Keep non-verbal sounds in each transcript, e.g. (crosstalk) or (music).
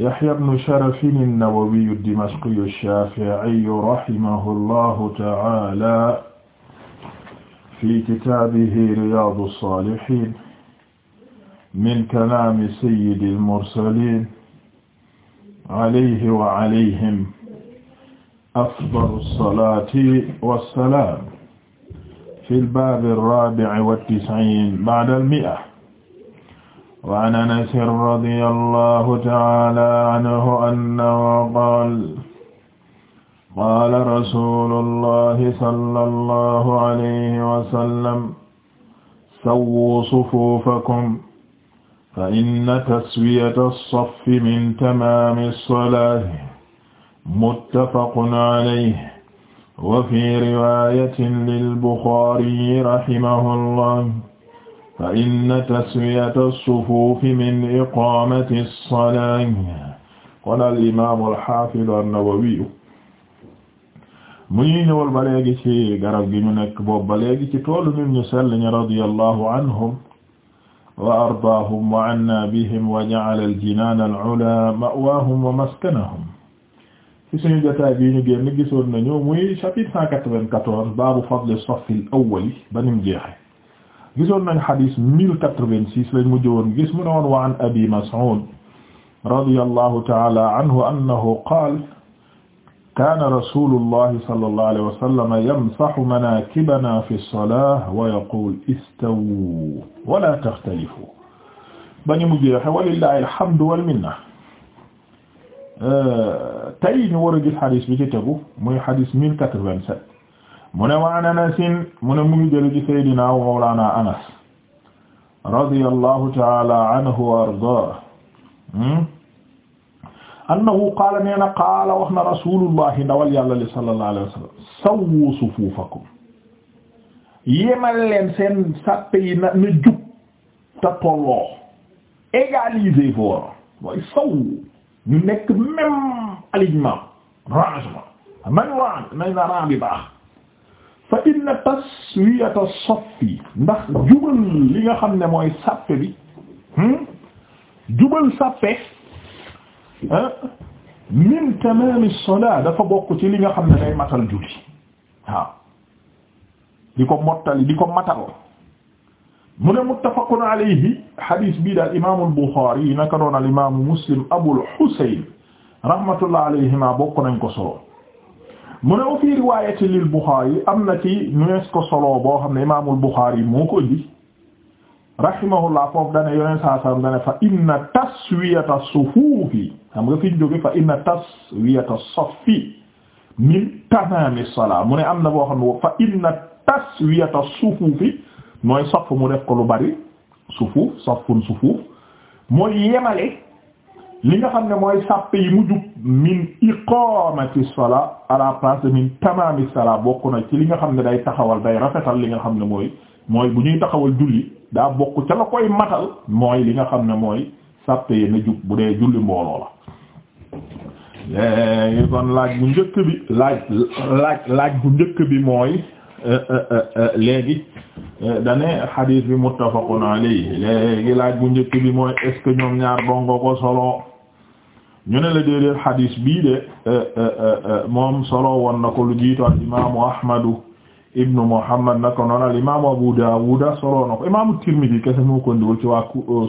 Yahya ibn Sharafin an-Nawawi ad-Dimashqi ash-Shafi'i rahimahullahu ta'ala fi kitaabihi Riyaadu as-Saalihiin min kalaami sayyidil mursaliin alayhi wa alayhim afdalu as-salaati was-salaam fil baabi ar-raabi'i wat-tis'iin ba'da al-mi'a وعن أنس رضي الله تعالى عنه أنه قال قال رسول الله صلى الله عليه وسلم سووا صفوفكم فإن تسوية الصف من تمام الصلاة متفق عليه وفي رواية للبخاري رحمه الله fa inna taswiyata as-sufuufi min iqaamati as-salaati kon al-imaam al-haafiz an-Nawawi mu ñuy ñëwal ba léegi ci garab gi ñu nekk boobu ba léegi ci toolu nit ñu sell ñi radiyallahu anhum wa ardaahum wa anna bihim wa ja'ala al-jinaana al-'ulaa ma'waahum wa maskanahum ci suñu jotaay bi ñu génn gisoon nañu muy chapitre 194 baabu fadli as-saffi al-awwal ba nim jeexe gisoon nañ xadis mille quatre-vingt-six lañ mujj woon gis mu ne woon wa an abi mas'ud radiyallahu ta'ala anhu annahu qaala kaana rasuulullahi sallallahu alayhi wa sallam yamsahu manaakibana fi salaati wa yaquulu istawuu wa laa taxtalifuu bañu mu jeexe walillahi alhamdu wal minna tey ñu war a gis xadis bi ci tegu muy xadis mille quatre-vingt-sept mu ne waan anasin mu ne mu ngi jële ci saydina wa mawlana anas radiyallahu taala anhu wa ardah hmm? annahu qaala nee na qaala wax na rasulullahi ndawal yàlla li sallallahu alayhi wa sallam sawwu sufuufakum yemal leen seen sàppe yi na na jub te tolloo égaliser fo wara waaye sawwu ñu nekk même alignement rangement man rang nañ na rang bi baax fa inna taswiyata saffi ndax jubal li nga xam ne mooy sàppe bi hmm? jubal sàppe ah, min tamami sola dafa bokk ci li nga xam ne day matal julli waaw di ko mottali di ko matal mu ne muttafaqun alayhi hadis bii daal imaamu al-Bukhari naka doon al imaamu Muslim Abul Husayn rahmatullah alayhima bokk nañ ko solo mu ne wa fii riwaayati lil Buxaari am na ci ñees ko solo boo xam ne imaamul Buxaari moo ko indi rahimahullah foofu dane yoneen saa sallam dane fa inna taswiyata sufuufi xam nga fi ñu jóge fa inna taswiyata saffi min tamaami salaa mu ne am na boo xam ne fa inna taswiyata sufuufi mooy saff mu def ko lu bari sufuuf saffun sufuuf mooy yemale li nga xam ne mooy sàppe yi mu jub min iqamati salaa à la place de min tamami salaa bokk na ci li nga xam ne day taxawal day rafetal li nga xam ne mooy mooy bu ñuy taxawal julli da bokk ca la koy matal mooy li nga xam ne mooy sàppe yi na jub bu dee julli mbooloo la léegi kon laaj bu njëkk bi laaj laaj bu njëkk bi mooy euh, euh, euh, léegi dane xadiis bi muttafaqun alayhi léegi laaj bu njëkk bi mooy est-ce que ñoom ñaar dongo ko solo ñu ne la déedéet xadis bii de euh, euh, euh, moom solo woon na ko lu jiitu al imaamu ahmadu ibnu muhammad nako noon al imaamu abu daawuda solo na ko imaamu tirmidi kese moo ko ndiwul ci waa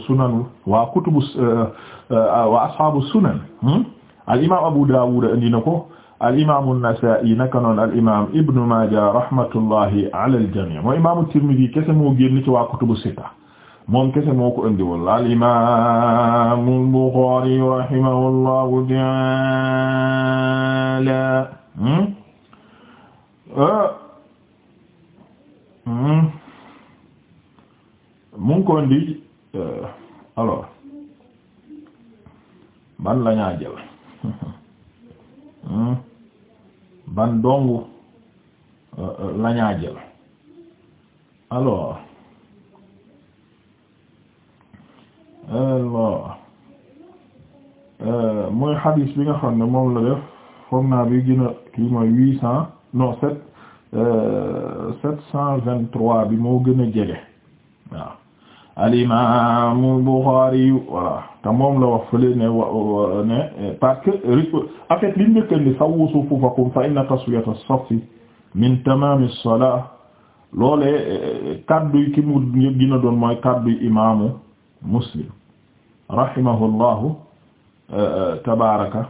sunanu wa kutubu waa ashaabu sunan hmm? al imaamu abu daawuda indi na ko al imaamu nasaa'i naka noonu al imaam ibnu maaja rahmatullahi ala al jamii mooy imaamu tirmidi kese moo génn ci waa kutubu sitta moom kese moo ko indi woon al imaam al Buxaari rahimahullahu ta'ala hmm? Ah. Hmm? mu ngi ko indi eh, alors ban la ñaa jël (laughs) hmm? ban dong eh, eh, la jël alors Allah euh, mooy xadiis bi nga xam ne moom la def foog naa bi gën a kii mooy huit cent non sept euh, sept cent vingt trois bi moo gën a jege waaw al imaamu Buxaari voilà te moom la wax fële ne ne parce que en fait li njëkk ni sawwu sufufakum fa inna taswiyata as-saffi min tamaami as-salaa loolee euh, kaddu yi ki mu gën a doon mooy kaddu imaamu Muslim rahimahullahu uh, uh, tabaraka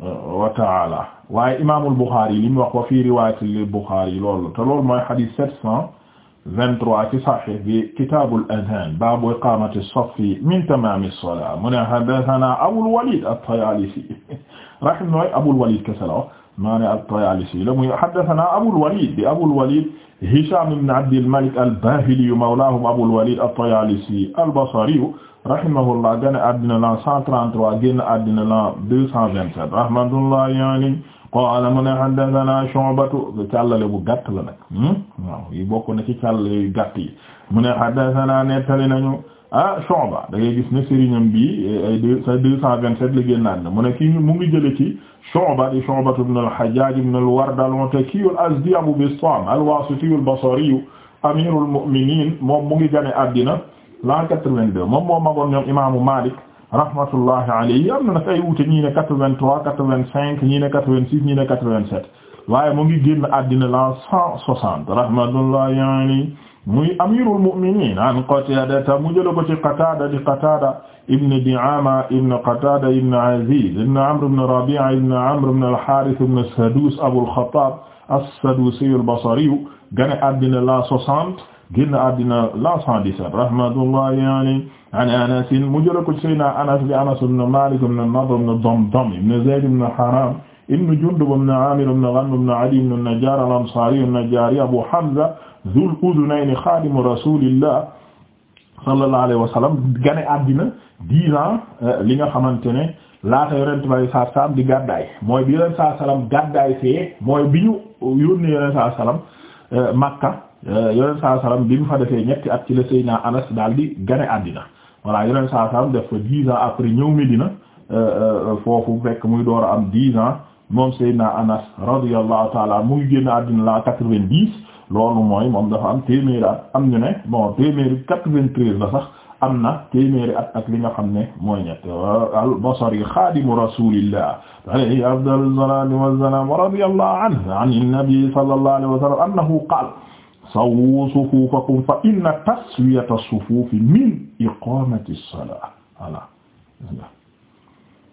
uh, wa taala waaye imaamul Buxaari li mu wax wa fii riwaayati lil Buxaari loolu te loolu mooy xadiis sept cent vingt-trois ci Saxiix bi kitaabul azaan baabu iqaamati saffi min tamaami salaa mu ne haddasanaa Abul Waliid at-Tayaalisi (laughs) rahimahullah Abul Waliid kese la maa ne at-Tayaalisi la muy haddasanaa Abul Waliid di Abul Waliid Hishaam ibn Abdil Malik al-Baahili mawlaahum Abul Waliid at-Tayaalisi al-Basri rahimahullah gane addina lan 133 génn addina lan 227 rahmatullahi alayhi qaala mu ne haddathana Shu'batu càllale bu gàtt la nag hmm? waaw yi bokk na ci càllale yu gàtt yi mu ne haddathana nettali nañu ah Shu'ba da ngay gis ne sëriñam bi ay deux sa 227 la génn addina mu ne kii mu ngi jële ci Shu'ba di Shu'batu ibn al-Hajjaj ibn al-Ward al-Ataki al-Azdi moom mu ngi gane àddina l'an quatre-vingt-deux moom moo magoon ñoom imaamu Malik rahmatullahi alayhi am na nag ay wuute ñii ne quatre-vingt-trois quatre-vingt-cinq ñii ne quatre-vingt-six ñii ne quatre-vingt-sept waaye mu ngi génn àddina l'an cent soixante rahmatullahi alayhi muy amirul mu'minin an Qatada mu jël ko ci Qatada di Qatada ibn Di'ama ibn Qatada ibn Aziz ibn Amr ibn Rabi'a ibn Amr ibn al-Harith ibn Sadus Abu al-Khattab as-Sadusi al-Basri gane àddina l'an soixante génn àddina la 117 rahmatullahi alayhi an Anas mu jël ko ci Seydina Anas bi Anas ibn Malik ibn Nadr ibn Damdam ibn Zayd ibn Haram ibn Jundub ibn Amir ibn Ghanm ibn Adi ibn Najjar al-Ansari an-Najjari Abu Hamza Dhul Udhunayn khadim rasulillah sallallahu alayhi wa sallam gane àddina dix ans euh, li nga xamante ne laata yonent bi saa salaam di gàddaay mooy bi yonent saa salaam gàddaay fee mooy bi ñu yónnee yonent saa salaam euh, Makka Euh, yoneen saa salaam bi mu fa defee ñetti at ci la Seydina Anas daal di gane àddina voilà yoneen saa salaam def fa dix ans après ñëw Medina euh, euh, foofu fekk muy door a am dix ans moom Seydina Anas radiyallahu taala mu ngi génn àddina la quatre vingt loolu mooy moom dafa am téeméeri at am ñu ne bon téeméeri quatre vingt sax am na téeméeri ak li nga xam ne mooy ñett al-Basri xaadimu rasulillah alayhi afdalu salaatu wassalaam radiyallahu anhu an an-nabi sallallahu alayhi wa sallam annahu qaala sawu sufuufakum fa inna taswiyata sufuufi min iqaamati salaa voilà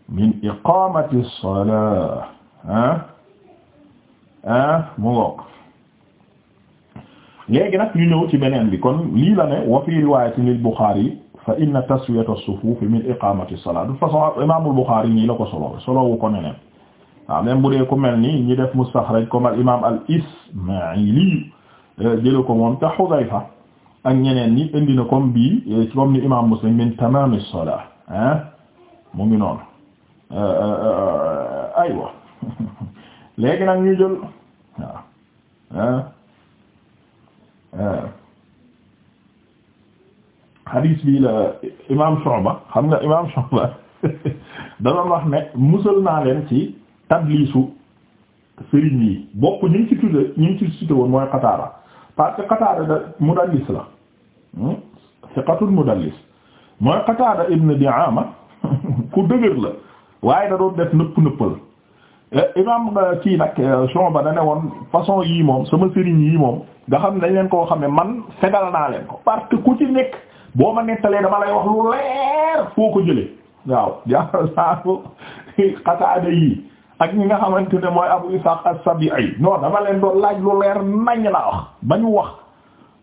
min iqaamati salaa ah ah mu ngoog léegi nag ñu ñëw ci beneen bi kon lii la ne wa fi riwaayatin lil Buxaari fa inna taswiyata sufuufi min iqaamati salaa de toute façon imaamul Buxaari nii la ko solo solo wu ko neneen waaw même bu dee ku mel nii ñi def mustaxraj comme al imaam al Ismaa'ili Euh, jële ko moom te Hudayfa ak ñeneen ñi indi na comme bii euh, comme ni imam Muslim min tamam as-salah ah mu ngi noonu euh, aywa (laughs) léegi nag ñu jël waaw hadis bi la imam Shu'ba xam nga imam Shu'ba (laughs) da doon musal naa leen ci tadliisu sëriñ yi bokk ñu ngi ci tudde ñu ngi ci cité woon mooy Qataada parce que Qataada da mudallis la hmm? siqatul mudallis mooy Qataada ibn Di'aama ku dëgër la waaye da doon def nëpp nëppal eh, imam eh, kii nag eh, Shu'ba da ne woon façon yii moom sama sëriñ yii moom nga xam ne dañ leen koo xam ne man fegal naa leen ko parce que ku ci nekk boo ma nettalee dama lay wax lu leer foo ko jëlee waaw (laughs) jaaxal saako Qataada yii ak ñi nga xamante ne mooy Abu Ishaq as-Sabi'i non dama leen doon laaj lu leer nañ laa wax ba ñu wax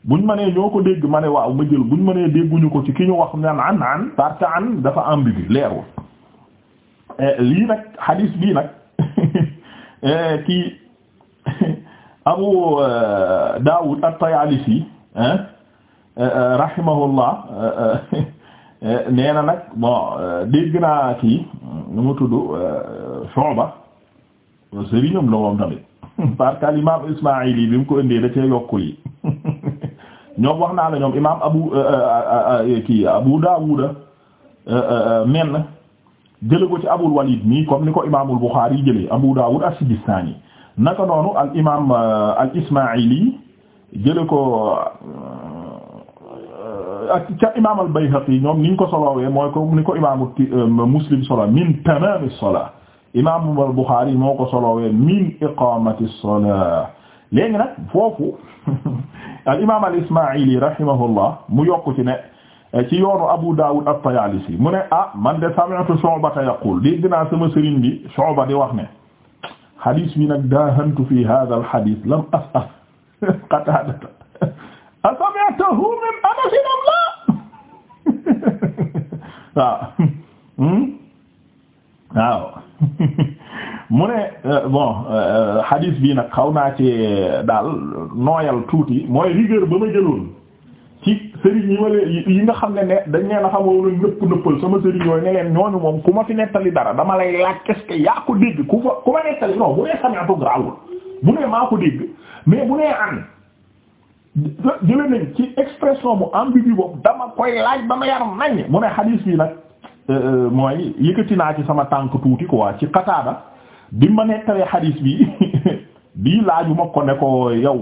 buñ ma nee ñoo ko dégg ma ne waaw ma jël buñ ma nee dégguñu ko ci ki ñu wax naan an par parce an dafa ambigu leerul eh, lii nag hadis bii nag (laughs) eh, kii (laughs) Abu eh, Dawud at-Tayalisi rahimahullah nee na nag bon dégg naa kii nu mu tudd Shuba sëriñam la moom tamit (laughs) parce que al imam Ismaayil yi bi mu ko indee da cee yokkul yi (laughs) ñoom wax naa la ñoom imam abu euh, euh, euh, kii Abu Daawuda men jële ko ci Abul Walid nii comme ni ko imaamul Buxaari yi jëlee Abu Daawud as-Sijistaani naka noonu al imam al Ismaayili jële ko ak ca imaam al Bayhaqi ñoom niñ ko solowee mooy ko ni ko imaamu Muslim solo min tamaam as-salaa imam al-Bukhari moo ko solowee min iqamati as-salah léegi nag foofu (laughs) al imam al-Ismaili rahimahullah mu yokku ci ne eh, ci yoonu Abu Dawud at-Tayalisi mu ne ah man de sami'tu Shu'ba yaqul dégg naa sama sëriñ bi Shu'ba di wax ne hadis bi nag daahantu fi hadha al-hadith lam as'al (laughs) Qatada (laughs) asami'tahu min Anas am la waaw hmm? waaw (laughs) mu ne euh, bon euh, hadith bii nag xaw naa ci euh, daal nooyal tuuti mooy rigueur ba ma jëloon ci sëriñ yi ma leen yi nga xam ne ne dañ nee na xamoo la nëpp nëppal sama sëriñ yooyu ne leen ñooñu moom ku ma fi nettali dara dama lay laaj qu'est-ce que yaa ko dégg ku fa ma nettali non bu nee sami'tu grawul bu nee maa ko dégg bu nee an jële nañ ci expression bu ambigu boobu dama koy laaj ba ma yar nañ mu ne hadith bi nag Euh, euh, mooy yëkkati naa ci sama tànk tuuti quoi ci Qataada bi ma nettalee xadiis bi (laughs) bii laaju ma ko ne ko yow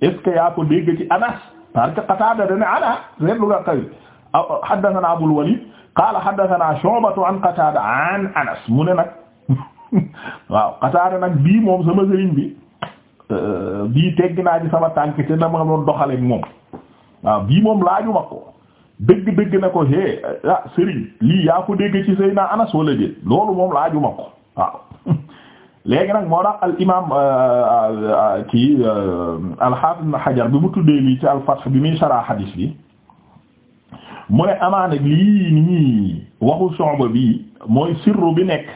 est-ce yaa ko dégg ci Anas parce que Qataada dana ana seetlu nga kay haddathana Abul Walid qaala haddathana Shu'batu an Qataada an Anas mu ne nag (laughs) waaw Qataada nag bii moom sama sëriñ bi euh, bii tegg naa ci sama tànk te na ma doxaleek moom waaw bii moom laaju ko dëgg-dëgg na ko hé ah Serigne lii yaa ko dégg ci Seyna Anas wala déet loolu moom laajuma ko waaw (laughs) léegi nag moo tax al imaam euh, euh, euh, kii bi mu tuddee lii ci al bi muy saraa xadiis bi mu ne amaana lii nii waxu Shu'ba bi mooy sirru bi nekk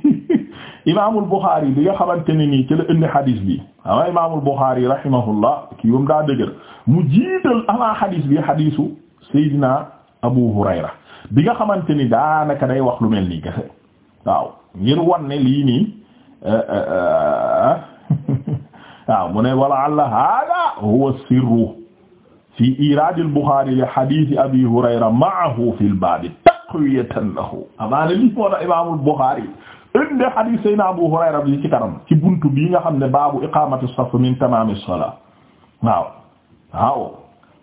(laughs) imaamul Buxaari bi nga xamante ne nii ci la indi xadiis bi ama imaamul Buxaari rahimahullah kii moom daa dëgër mu jiital amaa xadiis bi xadiisu Seydina Abu Hurayra bi nga xamante ni daanaka day wax lu mel nii kese waaw ngir wan ne lii nii eh, eh, eh, (laughs) waaw mu ne wala alla hada huwa sirru fi iraad al-Bukhari li hadith Abi Hurayra ma'ahu fi al-baab taqwiyatan lahu amaana lii moo tax Imaam al-Bukhari indi hadith Seydina Abu Hurayra bi ci kanam ci buntu bii nga xam ne baabu iqaamati as-saff min tamaam as-salaat waaw waaw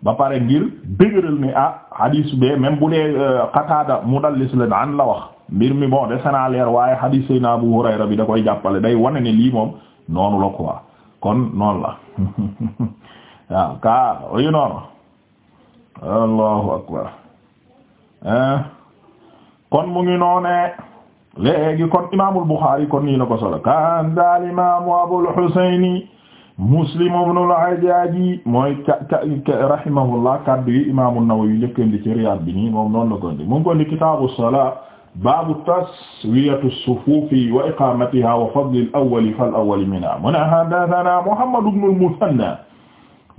ba pare ngir dëgëral ni ah hadis be même bu dee euh, Qatada mudallis leen an la wax mbir mi bon de sana leer waaye hadis sayna Abu Hurayra bi da koy jàppale day wane ne lii moom noonu la quoi kon noonu la (laughs) waaw kaa oyu noonu allahu akbar kon mu ngi noonee léegi kon imaamul Bukhari kon nii la ko solo kan daal imaamu Abul Husayni Muslim ibn al-Hajjaji mooy ca ca rahimahullah kaddu yi imaamu Nawawi njëkkandi ci Riyaad bi nii moom noonu la ko indi mu ngi ko indi kitaabu salaa baabu taswiyatu sufuufi wa iqaamatihaa wa fadli al-awwali fal-awwali minhaa mu ne haddathanaa Muhammad ibn al-Muthanna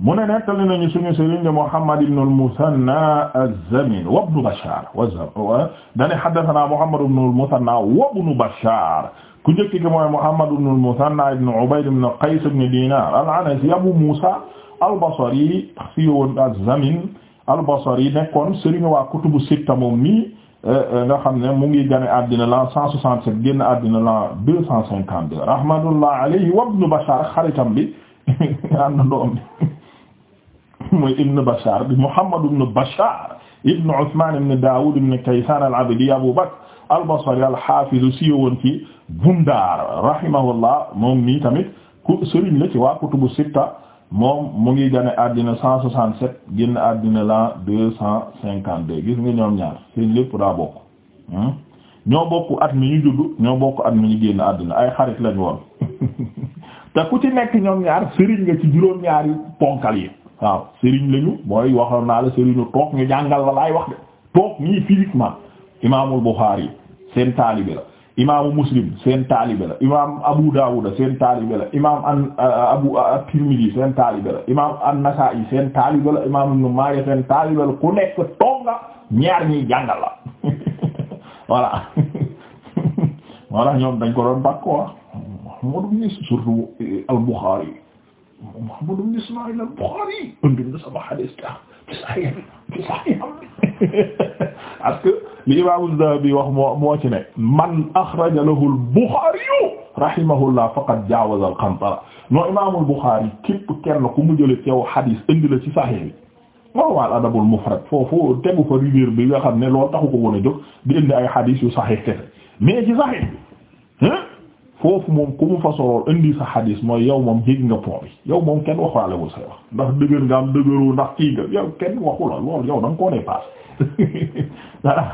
mu ne nettali nañu suñu sëriñ de Muhammad ibn al-Muthanna az-Zamin wa ibn Bashaar wa dane haddathanaa Muhammad ibn al-Muthanna wa ibn Bashaar ku njëkk gi mooy Muhammad ibn al-Muthanna ibn Ubayd ibn Qays ibn Dinar al-Anasi Abu Musa al-Basri fi woon az-Zamin al-Basri nekkoon sëriñ waa kutubu sitta moom mi eh, eh, nga xam ne mu ngi gane àddina la 167 génn àddina la 252 rahmatullah alayhi wa ibn Bashar xaritam bi (laughs) ànd doom bi (laughs) mooy ibn Bashar bi Muhammad ibn Bashar ibn Uthman ibn Dawud ibn Kaysan al-Abdi Abu Bakr al-Basri al-Hafiz siiwoon ci Bundar rahimahullah moom nii tamit ku sëriñ la ci waa kutubu sitta moom mu ngi gane àddina cent soixante-sept génn àddina la deux cent cinquante-deux gis nga ñoom ñaar seen lépp daa bokk hmm? ñoo bokk at mi ñu juddu ñoo bokk at mi ñu génn àddina ay xarit lañu woon (laughs) te ku ci nekk ñoom ñaar sëriñ nga ci juróom ñaari ponkal yi waaw sëriñ lañu mooy waxoon naa la sëriñu toog ñu jàngal la laay wax de toog nii physiquement imaamul Bukhari seen taalibe la imaamu muslim seen taalibe la imaam abu daawuda seen taalibe la imaam an abu at-tirmidhi seen taalibe la imaam an-nasa'i seen taalibe la imaam ibn maaja seen taalibe la ku nekk tonga ñaar ñi jàngal la (laughs) voilà voilà (laughs) ñoom dañ ko doon bàkk wax Muhammad ibn surtout eh, al-Bukhari Muhammad ibn Ismaïl al-Bukhari indi na sama hadith ta ci Sahih ci Sahih (laughs) parce que li imaamu Zahabi wax moo moo ci ne man axraja lahu al-Buxaari rahimahullah faqad jaawaza al-qantara noo imaamul Buxaari képp kenn ku mu jëlee teew xadis indi la ci Sahih bi moo waal adabul mufrad foofu tegu fa rivière bi nga xam ne loolu taxu ko woon a jóg di indi ay xadis yu Sahih kese mais ci Sahih bi foofu moom ku mu fa solool indi sa xadis mooy yow moom jég nga pont bi yow moom kenn ndax dëgër nga am dëgëru waxu la loolu yow da nga koo dépassé (laughs) voilà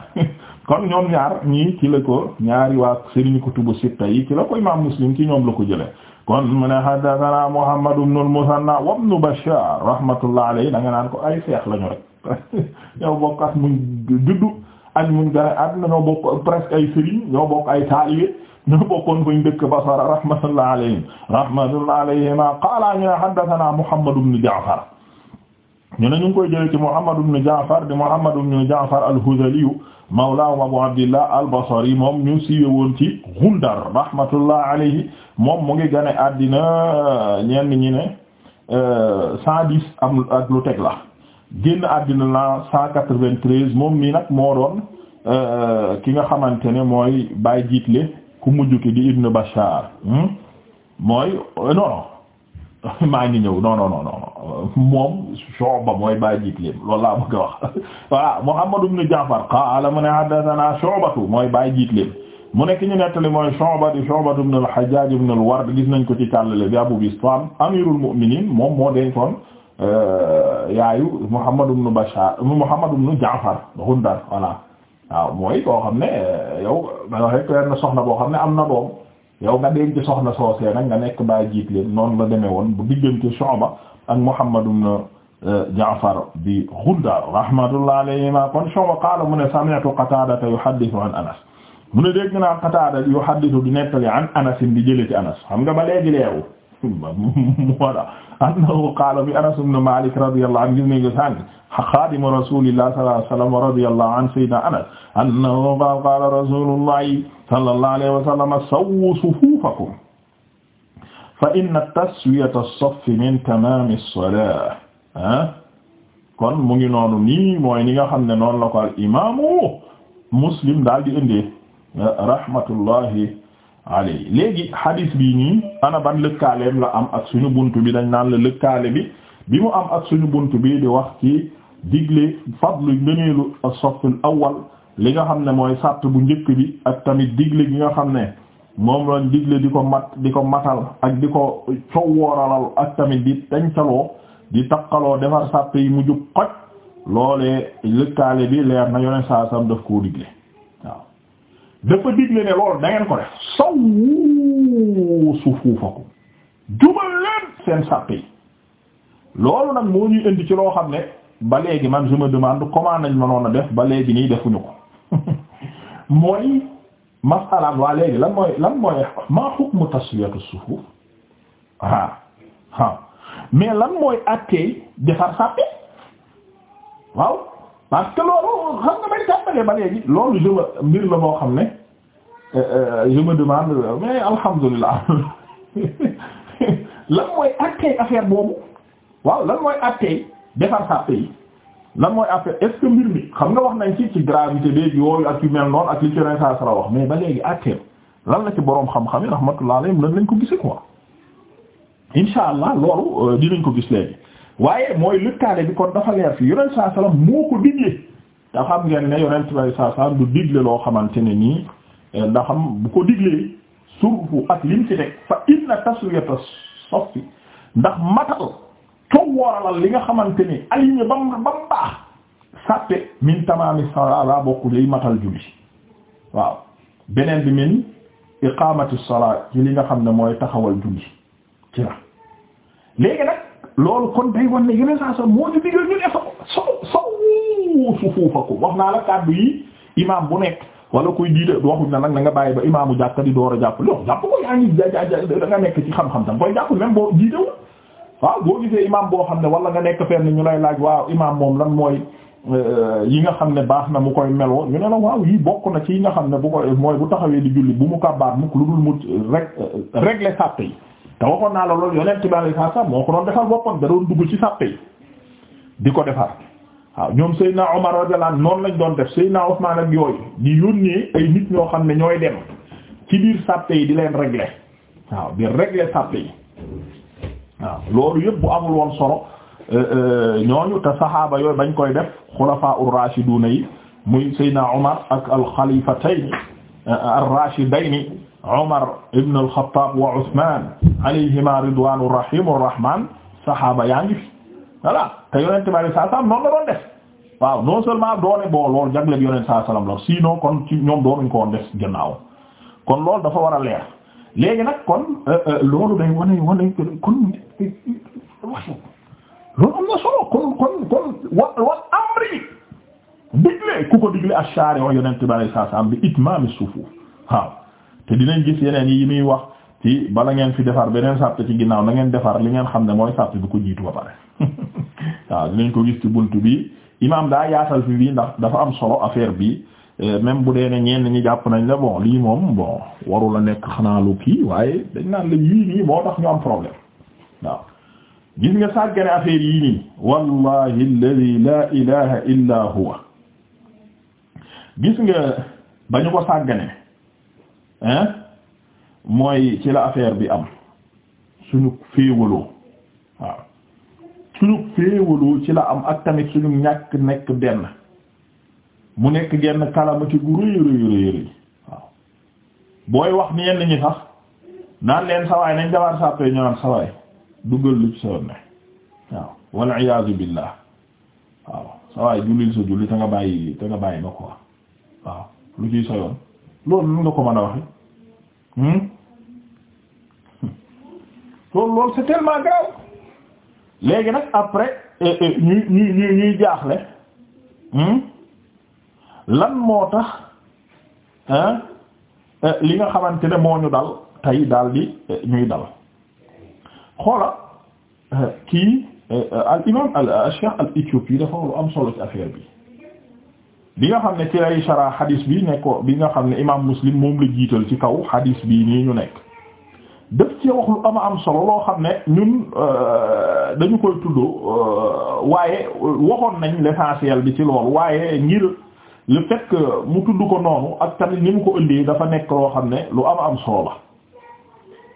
kon ñoom ñaar ñii ki la ko ñaari waa sëriñ kutubu sitta yi ci la ko imaam muslim ci ñoom la ko jëlee kon mu ne haddathana muhammad ibn al-musanna wa ibn bashar rahmatullah alayhi da naan ko ay seex lañu rek (laughs) yow bokkat muñ juddu ak muñ gën a àdduna ñoo bokk presque ay sëriñ ñoo bokk ay taalibe ñoo bokkoon buñ dëkk Basra rahmatullah alayhim rahmatullah alayhima qaala ñu haddathana Muhammad ibn Ja'far ñu ne ñu ngi koy jëlee ci Muhammad ibn Ja'far di Muhammad ibn Ja'far al-Hudhali mawlaahum Abu Abdillah al-Basri moom ñu siiwe woon ci Gundar rahmatullah moom mu ngi gane àddina ñenn ñi ne euh, cent dix am ak lu teg la génn àddina la cent quatre-vingt-treize moom mii nag moo doon euh, ki nga xamante ne mooy bàyyi jiitle ku mujj ki di Ibn Bashar hmm? mooy euh, non non (laughs) ngi ñëw non non non non moom Shu'ba mooy bàyyi jiitleem loolu laa bëgg a wax (laughs) voilà Muhammad ibn mu ne haddathana Shu'batu mooy bàyyi jiitleem mu nekk ñu nettali mooy Shu'ba di Shu'ba ibn al-Hajjaj ibn gis nañ ko ci tallale bi Abu Bistam amirul mu'minin moom moo dencoon euh, yaayu Muhammad ibn Bashar Muhammad ibn Ja'far Ghundar voilà waaw mooy koo xam ne euh, yow nga wax rek leen soxna boo xam ne am na doom yow nga denc soxna soosee nag nga nekk baa jiit leen noonu la demee woon bu diggante Shu'ba ak Muhammad ibn euh, Ja'far bi Ghundar rahmatullah alayhima kon Shu'ba qaala mu ne sami'tu Qatada yuhaddithu an Anas mu ne dégg naa Qatada yuhaddithu ne nettali an Anas di jële ci Anas xam nga ba léegi (laughs) annahu qaala bi Anas ibn Malik radiyallahu anhu gis nañ ko sànq xaadimu rasulillah sallallahu alayhi wa sallam radiyallahu an sayyidina Anas annahu qaala qaala rasulullahi sallallahu alayhi wa sallam sawwu sufuufakum fa inna taswiyata as-saffi min tamaami as-salaah ah kon mu ngi noonu nii mooy ni nga xam ne noonu la ko al imaamu Muslim daal di indi rahmatullahi alay léegi hadis bi nii ana ban lëkkaaleem la am ak suñu bunt bi dañ naan la lëkkaale bi bi mu am ak suñu bunt bi di wax ci digle fadlu ngëneelu as-safful awwal li nga xam ne mooy sàtt bu njëkk bi ak tamit digle bi nga xam ne moom lañ digle di ko mat di ko matal ak di ko cowwooralal ak tamit di tencaloo di taqaloo defar sàtt yi mu jub xoj loolee lëkkaale bi leer na yoneen saa sam daf koo digle dafa digle ne loolu da ko def sawwu sufuufakum jubal leen seen sàppe loolu nag moo ñuy indi ci loo xam ne ba léegi man je me demande comment nañ mënoon a def ba léegi nii defuñu ko (laughs) mooy masalaam waa léegi lan mooy lan mooy maa hukmu tasliyatu sufuuf ah ah mais lan mooy àttee defar sàppe waaw parce que loolu xam nga bay tàmbalee ba léegi loolu je mbir la moo xam ne euh, euh, je me demande mais alhamdulilah (laughs) lan mooy attey affaire boobu waaw lan mooy attey defar sàppe yi lan mooy affaire est mbir mi xam nga wax nañ ci ci gravité di yooyu ak yu mel noonu ak li ci ren saa wax mais ba léegi attey lan la ci boroom xam-xam yi rahmatullah alayhim lan lañ ko gisee quoi incha allah loolu euh, dinañ ko gis léegi. waaye mooy lëkkaale bi kon dafa leer fi yonent saa salaam moo ko digle te xam ngeen ne yonent saa salaam du digle loo xamante ne nii eh, ndaxam ko diglee surfu ak ndax matal cowooralal li nga xamante ni aligné ba mu ba mu baax sàppe min tamaami salaa laa bokku liy matal julli waaw beneen bi min iqamati salaa ci li nga xam ne mooy taxawal julli ci la léegi nag loolu kon day wan ne yeneen saa sax moo ñu digal ñu ne fa sow sow sufuufakum wax naa la kàddu yi imaam bu nekk wala kuy diide waxuñ na nag na nga bàyyi ba imaamu jàkka di door a jàpp loolu jàpp ko yaa ngi da nga nekk ci xam-xam tam koy jàpp même boo diidewu waaw boo gisee imaam boo xam ne wala nga nekk fenn ñu lay laaj waaw imaam moom lan mooy euh, yi nga xam ne baax na mu koy meloo ñu ne la waaw yi bokk na ci yi nga xam ne bu koy mooy bu taxawee di julli bu mu kàbbaat mukk lu dul rek régler yi te waxoon naa la loolu yonent bi alayhi salaam moo ko doon defal boppam da doon dugg ci sàppe di ko defar waaw ñoom Seydina Omar radiyallahu noon noonu lañ doon def Seydina Ousmane ak yooyu di yónnee ay nit ñoo xam ne ñooy dem ci biir sàppe yi di leen régler waaw di régler sàppe yi waaw loolu yëpp bu amul woon solo euh, euh, ñooñu te saxaaba yooyu bañ koy def xulafaa ur-raashiduna yi muy Seydina Omar ak al-xalifatayn euh, ar Omar ibn al-Khattab wa Ousmane alayhima ridwaanu rahiim rahmaan saxaaba yaa ngi fi voilà te yonent bi saa salaam noonu la doon def waaw non seulement doone boo lool jagleel yonent saa salaam la sinon kon ci ñoom doonuñ ko woon def gannaaw kon loolu dafa war a leer léegi nag kon euh, euh, loolu day wane wane kon loolu am na solo kon kon kon wa wa amri digle ku ko digle ash-shari'u yonent bi saa salaam bi itmaam as-sufuf waaw. te dinañ gis yeneen yi muy wax ci bala ngeen fi defar beneen sàrt ci ginnaaw na ngeen defar li ngeen xam ne mooy sàrt du ko jiitu ba pare (laughs) waaw dinañ ko gis ci bunt bi imaam daa yaatal fi bii ndax dafa am solo affaire bi eh, même bu dee ne ñenn ñi jàpp nañ la bon lii moom bon warul a nekk xanaa lu kii waaye dañ naan la yii nii moo tax ñu am problème waaw gis nga sàggane affaire yii nii wallahi alladhi illa huwa gis nga bañu ko sàggane hein mooy ci la affaire bi am suñu féewaloo waaw suñu féewaloo ci la am ak tamit suñu ñàkk nekk benn mu nekk genn calamité gu rëy rëy rëy rëy waaw booy wax ni yenn ñi sax naan leen sawaay nañ dawaar sàppee ñu naan sawaay duggal lu ci sa ne waaw wal iyaazu billaah waaw sawaay jullil sa julli te nga bàyyi te nga bàyyi ma waaw lu ciy sa yoon loolu nu nga ko mën a waxe hmm? loolu loolu c'est tellement grave léegi nag après eh, eh, ñuy ñuy ñuy jaaxle hmm? lan moo tax eh, li nga xamante ne moo ñu dal tey daal di ñuy dal xoola kii al imam al cheikh al éthiopie dafa lu am solo ci affaire bi bi nga xam ne ci lay shara hadis bi ne ko bi nga xam ne imaam muslim moom la jiital ci kaw hadis bi nii ñu nekk def ci wax lu ama am solo loo xam ne ñun euh, dañu koy tudd euh, waaye euh, waxoon nañ l'essentiel bi ci loolu waaye ngir le fait mu tudd ko noonu ak tamit ni mu ko ëndee dafa nekk loo xam ne lu am am solo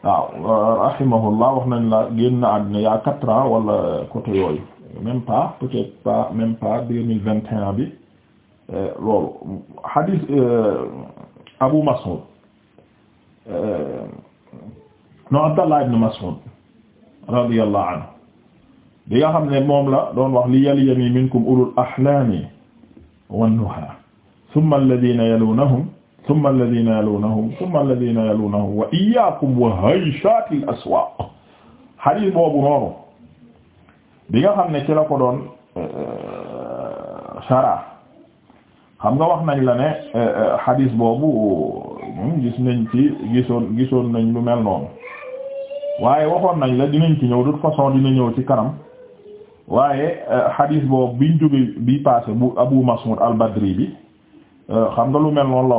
la waaw rahimahullah wax nañ la génn na àddina yaa quatre ans wala côté yooyu même pas peut-être pas même pas deux mille vingt et un bi loolu hadith euh, Abu Mas'ud euh, no Abdallah ibn Mas'ud radiyallahu anhu bi nga xam ne moom la doon wax li yaliyani minkum ulul ahlami wan nuha thumma alladhina yalunahum thumma alladhina yalunahum thumma alladhina yalunahum wa iyyakum wa hayshatil aswaq hadith boobu noonu bi nga xam ne ci la ko doon euh, shara xam nga wax nañ la ne hadis euh, euh, boobu hmm, gis nañ ci gisoon gisoon nañ lu mel noonu waaye waxoon nañ la dinañ ci ñëw de toute façon dina ñëw ci kanam waaye hadis euh, boobu biñ jóge bi passé bu Abu Mas'ud al-Badri bi xam nga lu mel noonu la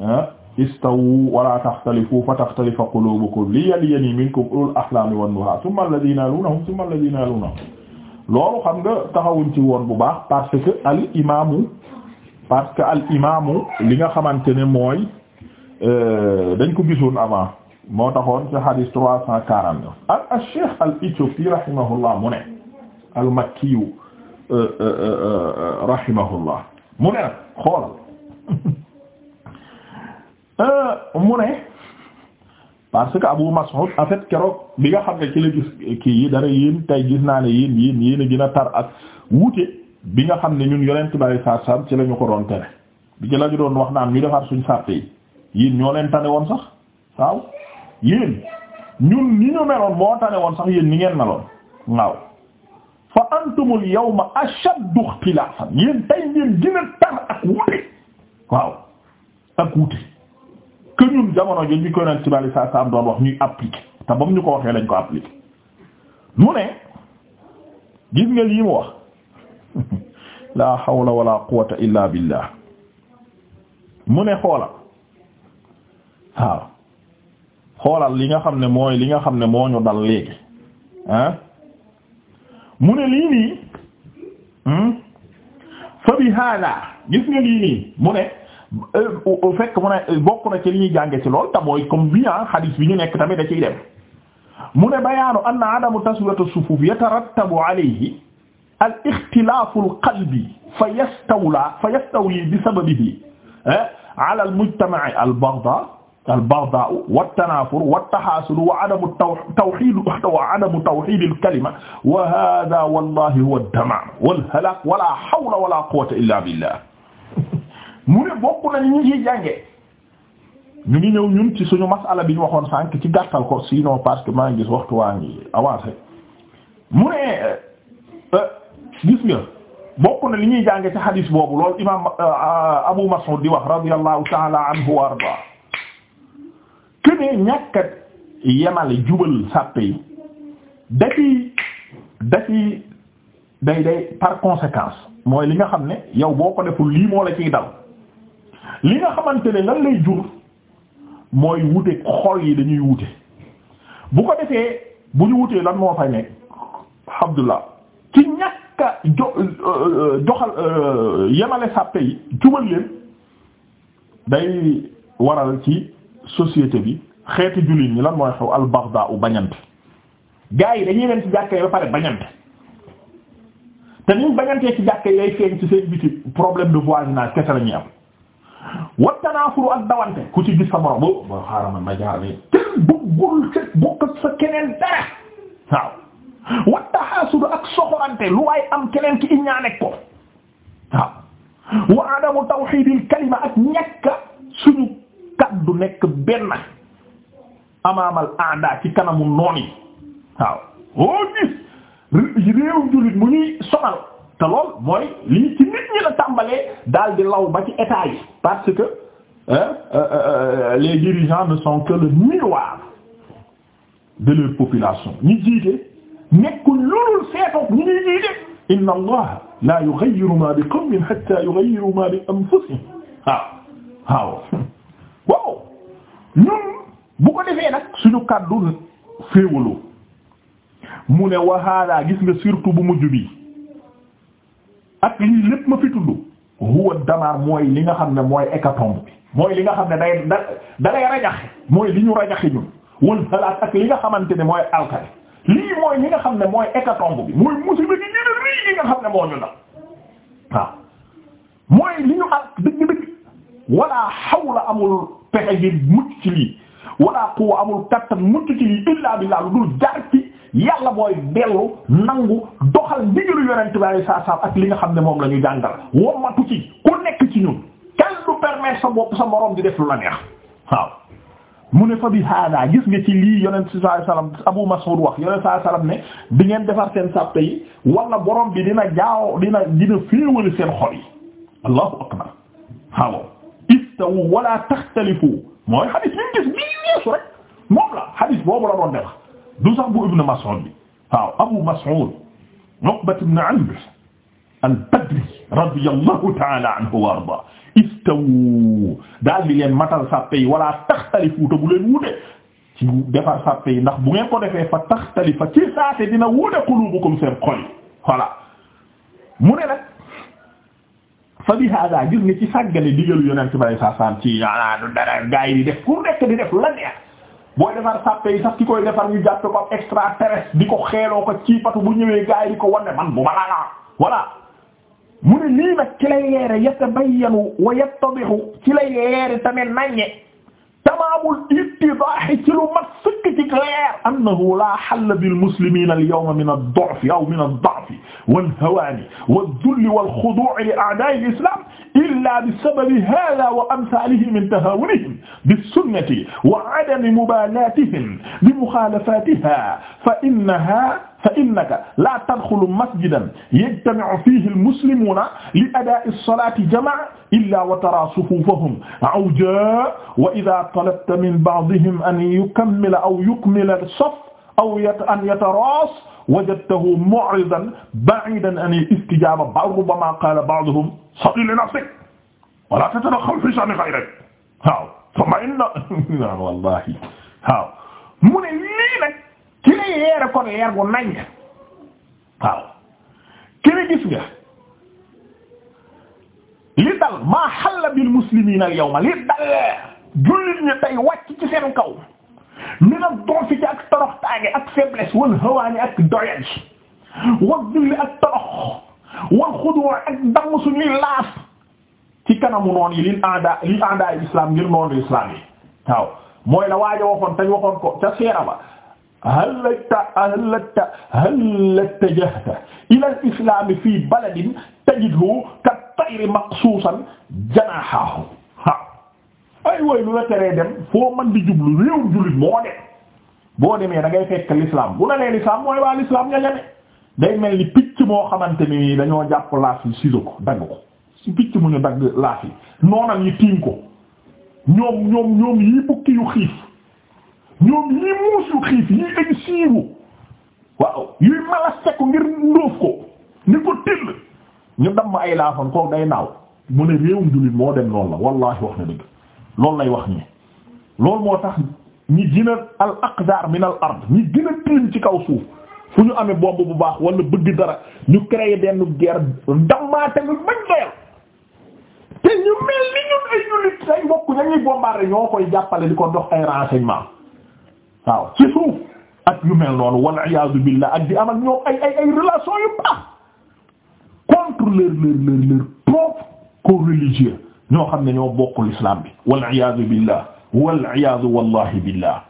wax istawu wala taxtalifu fa taxtalifa qulubukum li yaliyani minkum ulul ahlami wan nuha thumma alladhina yalunahum thumma alladhina yalunahum loolu xam nga taxawuñ ci woon bu baax parce que al imaamu parce que al imaamu li nga xamante ne mooy euh, dañ ko gisoon avant moo taxoon ci hadith trois cent quarante al al cheikh al éthiopie rahimahullah mu ne al makkiyu euh, euh, rahimahullah mu ne nag xoolal (laughs) mu ne parce que Abu Mas'ud en keroog bi nga xam ne ci la gis kii yi dara yéen tey gis naa ne yéen yéen yéen a gën tar ak wuute bi nga xam ne ñun yonent bari sarsam ci lañu ko doon tere bi ci lañu doon wax naan ñu defar suñ sàrt yi yéen ñoo leen tane woon sax waaw yéen ñun ni ñu meloon moo tane woon sax yéen ni ngeen meloon waaw fa antumul yawma ashaddu ikhtilafan yéen tay ngeen gën a tar ak wute waaw ak wute que jamono jën bi ko yonent bari sarsam doon wax ñuy appliquer te bam ñu ko waxee lañ ko appliquer mu ne gis nga lii mu wax la xawla wala quwwata illa billah mu ne xoolal waaw xoolal li nga xam ne mooy li nga xam ne moo ñu dal léegi ah mu ne lii nii hmm? fa bi hada gis nga lii mu ne euh, fekk mu ne bokk na ci li ñuy jànge ci lool te mooy comme bi ah hadith bi ñu nekk tamit da ciy dem mu ne bayaanu anna adamu taswiyatu sufuf yatarattabu alayhi al ixtilaafu al qalbi fa yastawlaa fa yastawlii bi sababihi eh, ala al mujtama'i al baghdaa al baghdaa wa tanaafur wa tahaasud wa adamu tawhiid wa adamu tawhiid al kalima wa haadaa wallaahi huwa ad-damaam wal halaak wa laa hawla wa laa quwwata illaa billaah (laughs) mu ne bokk na ñu ngi jàngee ñu ngi ñëw ñun ci suñu masala bi ñu waxoon sànq ci gàttal ko sinon parce que maa ngi gis waxtu waa ngi avancé mu ne. Eh, gis nga bokk na li ñuy jànge ci xadis boobu loolu imam euh, euh, Abu Mas'ud di wax radiyallahu ta'ala anhu wa arda kenee ñàkkat yemale jubal sàppe yi da ciy da ciy day day par conséquence mooy li nga xam ne yow boo ko deful lii moo la ciy dal li nga xamante ne lan lay jur mooy wute xol yi dañuy wute bu ko defee bu ñu wutee lan moo fay nekk alhamdulillah ci ñàkk ñàkka jo euh, euh, joxal euh, yemale sàppe yi jubal leen day waral ci société bi xeeti jullit ñi lan mooy xew al u bañante gaa yi dañuy leen ci jàkkee ba pare bañante te niñ bañantee ci jàkkee yay feeñ ci seen biti problème de voisinage kese la ñuy am wattanaafuru ak dawante ku ci gis sa moroom oh, boo xaaral ma ma jaar nii kenn bëggul sa bokk sa keneen dara waaw rawante lu waay am keneen ki iññaanek ko waaw wa adamu tawxiidil kalima ak ñàkk suñu kaddu nekk benn amaamal aada ci kanamu noon yi waaw oo gis réew jullit mu ñuy sonal te lool mooy lii ci nit ñi la tàmbalee daal di law ba ci état yi parce que euh, euh, euh, les dirigeants ne sont que le miroir de leur population ñi jiite nekkul loolu seetoog ñu ngi jiite inna allaha la yughayyiru ma bi qawmin hatta yughayyiru ma bi anfusihim waaw waaw (laughs) waaw ñun bu ko defee nag suñu kàddu féewalu mu ne waxaala gis nga surtout bu mujj bi ak lii lépp ma fi tudd huwa damaar mooy li nga xam ne mooy hécatombe bi mooy li nga xam ne day da mooy li ñu rajaxe ñun wal halaat ak li nga xamante ne mooy alkali lii mooy li nga xam ne mooy hécatombe bi mooy musiba gi gën a rëy yi nga xam ne moo ñu dal waaw mooy li ñu ak dëgg-dëgg wala hawla amul pexe gi mucc ci lii wala quwwa amul kattan mucc ci lii illaa billaa lu dul jaar ci yàlla mooy dellu nangu doxal ndigalu yonent bi saa saa ak li nga xam ne moom la ñu jàngal womatu ci ku nekk ci ñun kenn du permettre sa bopp sa moroom di def lu la neex waaw. mu ne fa bi hada gis nga ci lii yonent si sallallahu alayhi Abu Mas'ud wax yonent sallallahu alayhi wasallam ne bi ngeen defar seen sàppe yi wala borom bi dina jaaw dina dina féewale seen xol yi allahu akbar waaw istawu wala taxtalifu mooy xadis bi ñu gis bii weesu rek moom la xadis boobu la doon def du sax bu Ibn Mas'ud bi waaw Abu Mas'ud Uqbat ibn Amr al-Badri radiyallahu ta'ala anhu wa arda istawu daal di leen matal sàppe yi wala taxtalifu te bu leen wute ci defar sàppe yi ndax bu ngeen ko defee fa taxtalifa ci saate dina wute qulubukum seen xol voilà mu ne nag fa bi hada gis nga ci sàggane digalu yonent bi sallallahu alayhi wasallam ci ah dara gaa yi def pour nekk di def la neex booy yi ko extraterrestre di ko xeeloo ko ci patu bu ñëwee gaa yi ko wane man bu ma laa voilà. mu ne lii nag ci lay leere yatabayyanu wa yattadixu ci lay leere tamit naññe tamaamul ittidaahi ci lu mat sëkk ci leer annahu laa halla bil muslimiina al yawma min ad-du'fi aw min ad-da'fi wal hawaani wal dulli wal xuduu'i li a'daa'i al islaam illaa bi sababi haazaa wa amsaalihi min tahaawunihim bis sunnati wa 'adami mubaalaatihim li muxaalafaatihaa fa innahaa fa innaka laa tadxulu masjidan yajtami'u fiihi al muslimuuna li adaa'i as-salaati jamaa'a illaa wa taraa sufuufahum awjaa wa idaa talabta min ba'dihim an yukammila aw yukmila saf aw an yataraas wajadtahu mu'ridan ba'idan an al-istijaaba bal rubbamaa qaala ba'duhum salli li nafsik wa laa tatadakhal fii sha'ni ghayrik waaw thumma inna waaw (laughs) wallaahi waaw mu ne lii nag ki lay yeere kon leer bu nañ waaw ki gis nga li dal maa xalla bil muslimiina al yawma li dal jullit ñi tey wàcc ci seen kaw mi na doon fi ci ak toroxtaange ak faiblesse wal hawaani ak doyaj wal dulli ak torox wal xuduu ak damm suñuy laas ci kanamu noon yi lil aada lil aada islam ngir noonu islam yi waaw mooy la waaja waxoon tañ waxoon ko ca seera ba hallajta hallajta hallajta jahta ila al islam fi baladin tajidhu kat tayri maqsuusan janaaxaahu waaw ay way lu la teree dem foo mën di jublu réewum jullit moo dem boo demee da ngay fekk lislaam bu la nee l'islam mooy waa l'islam ña ñame day mel ni picc moo xamante ni dañoo jàpp laas yi sido ko dagg ko si picc mu ñu dagg laas yi noonam yi tiim ko ñoom ñoom ñoom yi bukki yu xiif ñoom yi muus yu xiif yi ay siiru waaw yuy malasteku ngir ndóof ko ni ko till ñu damm ay laafam kooku day naaw mu ne réewum jullit moo dem noonu la wallaahi wax na dëgg loolu lay wax ñi loolu moo tax ñi gën al aqdar min al ard ñi gën a ci kaw suuf fu ñu amee bomb bu baax wala bëgg dara ñu créé denn guerre dammaate lu bañ doyal te ñu mel ni ñun ay jullit say bokk ñañuy bombardé ñoo koy jàppale di ko dox ay renseignement waaw ci suuf ak yu mel noonu wal iyaadu billah ak di am ak ay ay relation yu baax contre leur leur leur leur propre co-religieux ñoo xam ne ñoo bokkul islam bi wal iyaazu billah wal iyaazu wallahi billah